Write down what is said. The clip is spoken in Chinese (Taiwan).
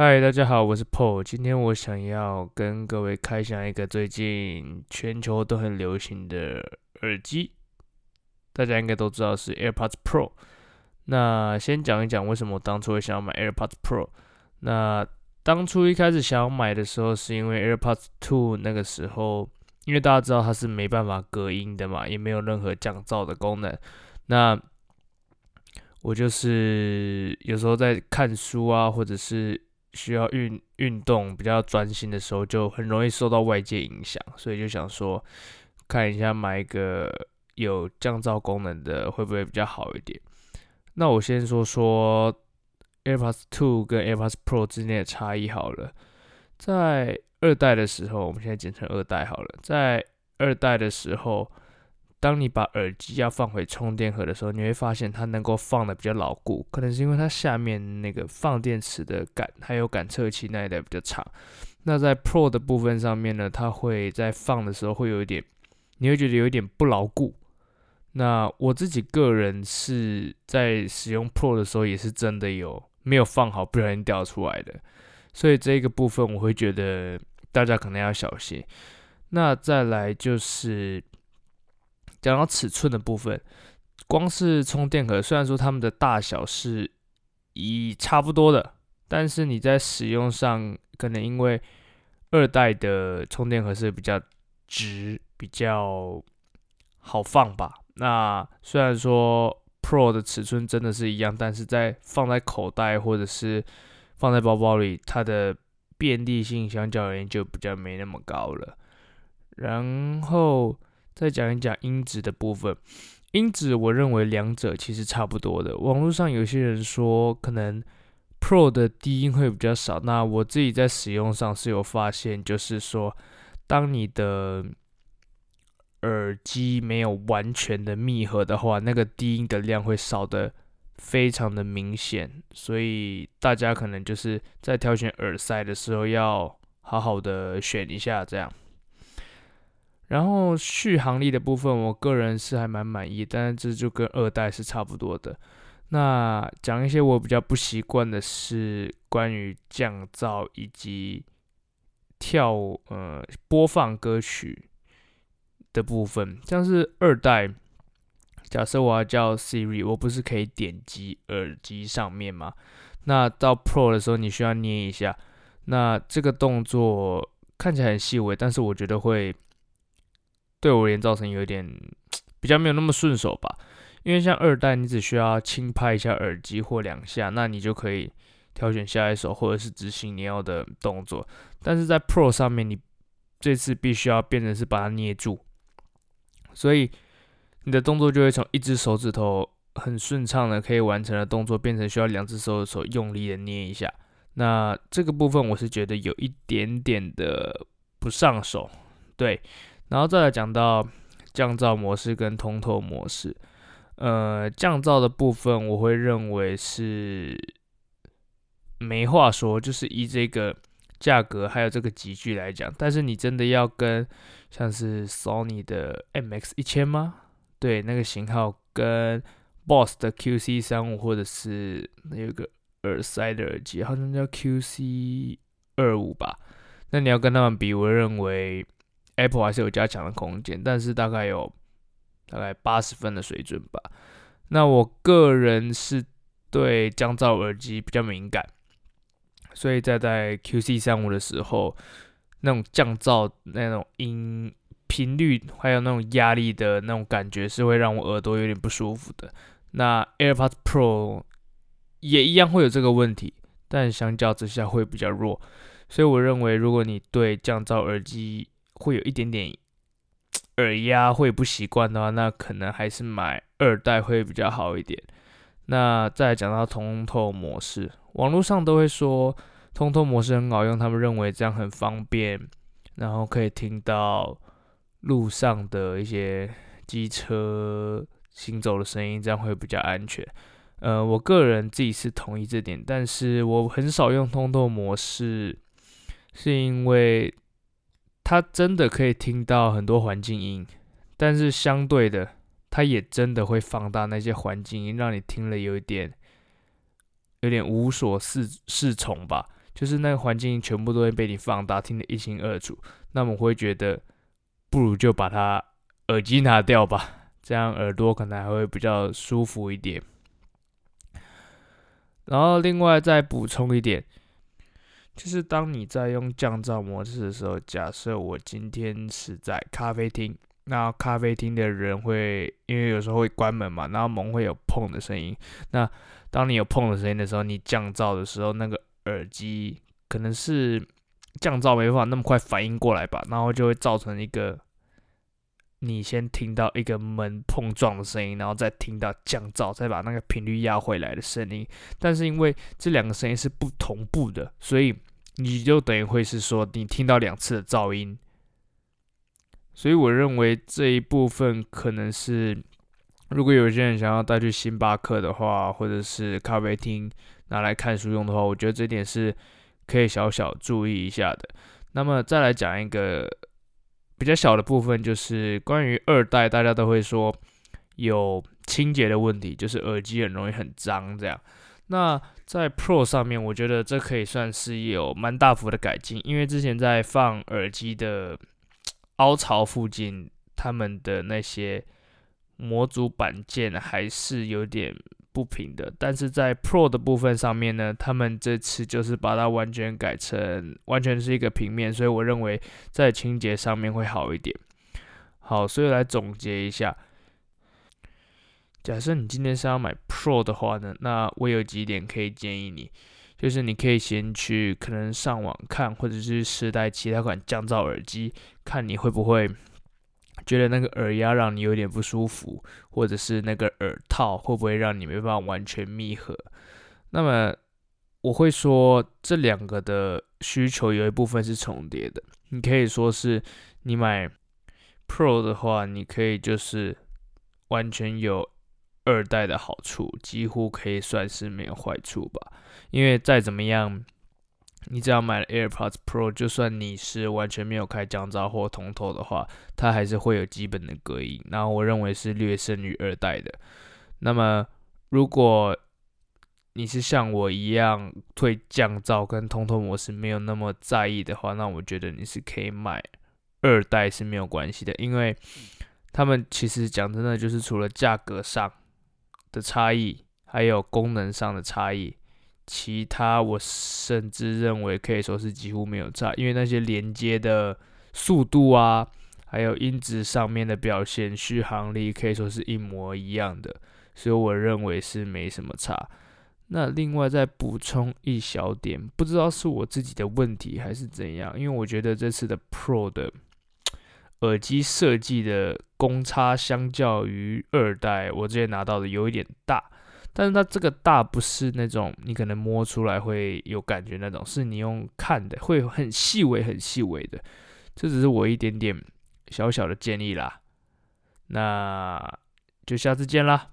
嗨，Hi, 大家好，我是 Paul，今天我想要跟各位開箱一個最近全球都很流行的耳機，大家應該都知道是 AirPods Pro。那先講一講為什麼我當初會想要買 AirPods Pro。那當初一開始想要買的時候，是因為 AirPods 2那個時候，因為大家知道它是沒辦法隔音的嘛，也沒有任何降噪的功能。那我就是有時候在看書啊，或者是需要運運動比較專心的時候，就很容易受到外界影響，所以就想說看一下買一個有降噪功能的會不會比較好一點。那我先說說 AirPods 2跟 AirPods Pro 之間的差異好了。在二代的時候，我們現在簡稱二代好了。在二代的時候。當你把耳機要放回充電盒的時候，你會發現它能夠放得比較牢固，可能是因為它下面那個放電池的感還有感測器那一帶比較長。那在 Pro 的部分上面呢，它會在放的時候會有一點，你會覺得有一點不牢固。那我自己個人是在使用 Pro 的時候，也是真的有沒有放好，不小心掉出來的。所以這個部分我會覺得大家可能要小心。那再來就是。講到尺寸的部分，光是充電盒，雖然說它們的大小是，以差不多的，但是你在使用上，可能因為二代的充電盒是比較直，比較好放吧。那雖然說 Pro 的尺寸真的是一樣，但是在放在口袋或者是放在包包裡，它的便利性相較而言就比較沒那麼高了。然後。再講一講音質的部分，音質我認為兩者其實差不多的。網絡上有些人說可能 Pro 的低音會比較少，那我自己在使用上是有發現，就是說當你的耳機沒有完全的密合的話，那個低音的量會少得非常的明顯，所以大家可能就是在挑選耳塞的時候，要好好的選一下這樣。然後續航力的部分，我個人是還蠻滿意，但是這就跟二代是差不多的。那講一些我比較不習慣的是關於降噪以及跳呃播放歌曲的部分。像是二代，假設我要叫 Siri，我不是可以點擊耳機上面嗎？那到 Pro 的時候，你需要捏一下。那這個動作看起來很細微，但是我覺得會。對我而言造成有一點比較沒有那麼順手吧，因為像二代，你只需要輕拍一下耳機或兩下，那你就可以挑選下一首或者是執行你要的動作。但是在 Pro 上面，你這次必須要變成是把它捏住，所以你的動作就會從一隻手指頭很順暢的可以完成的動作，變成需要兩隻手指頭用力的捏一下。那這個部分我是覺得有一點點的不上手，對。然後再來講到降噪模式跟通透模式，呃，降噪的部分我會認為是沒話說，就是以這個價格還有這個級距來講。但是你真的要跟像是 Sony 的 MX 一千嗎？對，那個型號跟 Boss 的 QC 三五或者是有個耳塞的耳機，好像叫 QC 二五吧？那你要跟他們比，我認為。Apple 還是有加強的空間，但是大概有大概八十分的水準吧。那我個人是對降噪耳機比較敏感，所以在戴 QC 三五的時候，那種降噪、那種音頻率還有那種壓力的那種感覺，是會讓我耳朵有點不舒服的。那 AirPods Pro 也一樣會有這個問題，但相較之下會比較弱。所以我認為，如果你對降噪耳機，會有一點點耳壓，會不習慣的話，那可能還是買二代會比較好一點。那再講到通透模式，網絡上都會說通透模式很好用，他們認為這樣很方便，然後可以聽到路上的一些機車行走的聲音，這樣會比較安全。呃，我個人自己是同意這點，但是我很少用通透模式，是因為。它真的可以聽到很多環境音，但是相對的，它也真的會放大那些環境音，讓你聽了有一點有點無所適適從吧。就是那個環境音全部都會被你放大，聽得一清二楚。那麼我會覺得，不如就把它耳機拿掉吧，這樣耳朵可能還會比較舒服一點。然後另外再補充一點。就是當你在用降噪模式的時候，假設我今天是在咖啡廳，那咖啡廳的人會因為有時候會關門嘛，然後門會有碰的聲音。那當你有碰的聲音的時候，你降噪的時候，那個耳機可能是降噪沒辦法那麼快反應過來吧，然後就會造成一個。你先聽到一個門碰撞的聲音，然後再聽到降噪，再把那個頻率壓回來的聲音。但是因為這兩個聲音是不同步的，所以你就等於會是說你聽到兩次的噪音。所以我認為這一部分可能是，如果有些人想要帶去星巴克的話，或者是咖啡廳拿來看書用的話，我覺得這點是可以小小注意一下的。那麼再來講一個。比較小的部分就是關於二代，大家都會說有清潔的問題，就是耳機很容易很髒這樣。那在 Pro 上面，我覺得這可以算是有蠻大幅的改進，因為之前在放耳機的凹槽附近，他們的那些模組板件還是有點。不平的，但是在 Pro 的部分上面呢，他們這次就是把它完全改成，完全是一個平面，所以我認為在清潔上面會好一點。好，所以我來總結一下，假設你今天是要買 Pro 的話呢，那我有幾點可以建議你，就是你可以先去可能上網看，或者是試戴其他款降噪耳機，看你會不會。覺得那個耳壓讓你有點不舒服，或者是那個耳套會不會讓你沒辦法完全密合？那麼我會說這兩個的需求有一部分是重疊的。你可以說是，你買 Pro 的話，你可以就是完全有二代的好處，幾乎可以算是沒有壞處吧。因為再怎麼樣。你只要買了 AirPods Pro，就算你是完全沒有開降噪或通透的話，它還是會有基本的隔音。然後我認為是略勝於二代的。那麼，如果你是像我一樣對降噪跟通透模式沒有那麼在意的話，那我覺得你是可以買二代是沒有關係的，因為他們其實講真的，就是除了價格上的差異，還有功能上的差異。其他我甚至認為可以說是幾乎沒有差，因為那些連接的速度啊，還有音質上面的表現、續航力，可以說是一模一樣的，所以我認為是沒什麼差。那另外再補充一小點，不知道是我自己的問題還是怎樣，因為我覺得這次的 Pro 的耳機設計的公差相較於二代，我之前拿到的有一點大。但是它這個大不是那種你可能摸出來會有感覺那種，是你用看的，會很細微、很細微的。這只是我一點點小小的建議啦，那就下次見啦。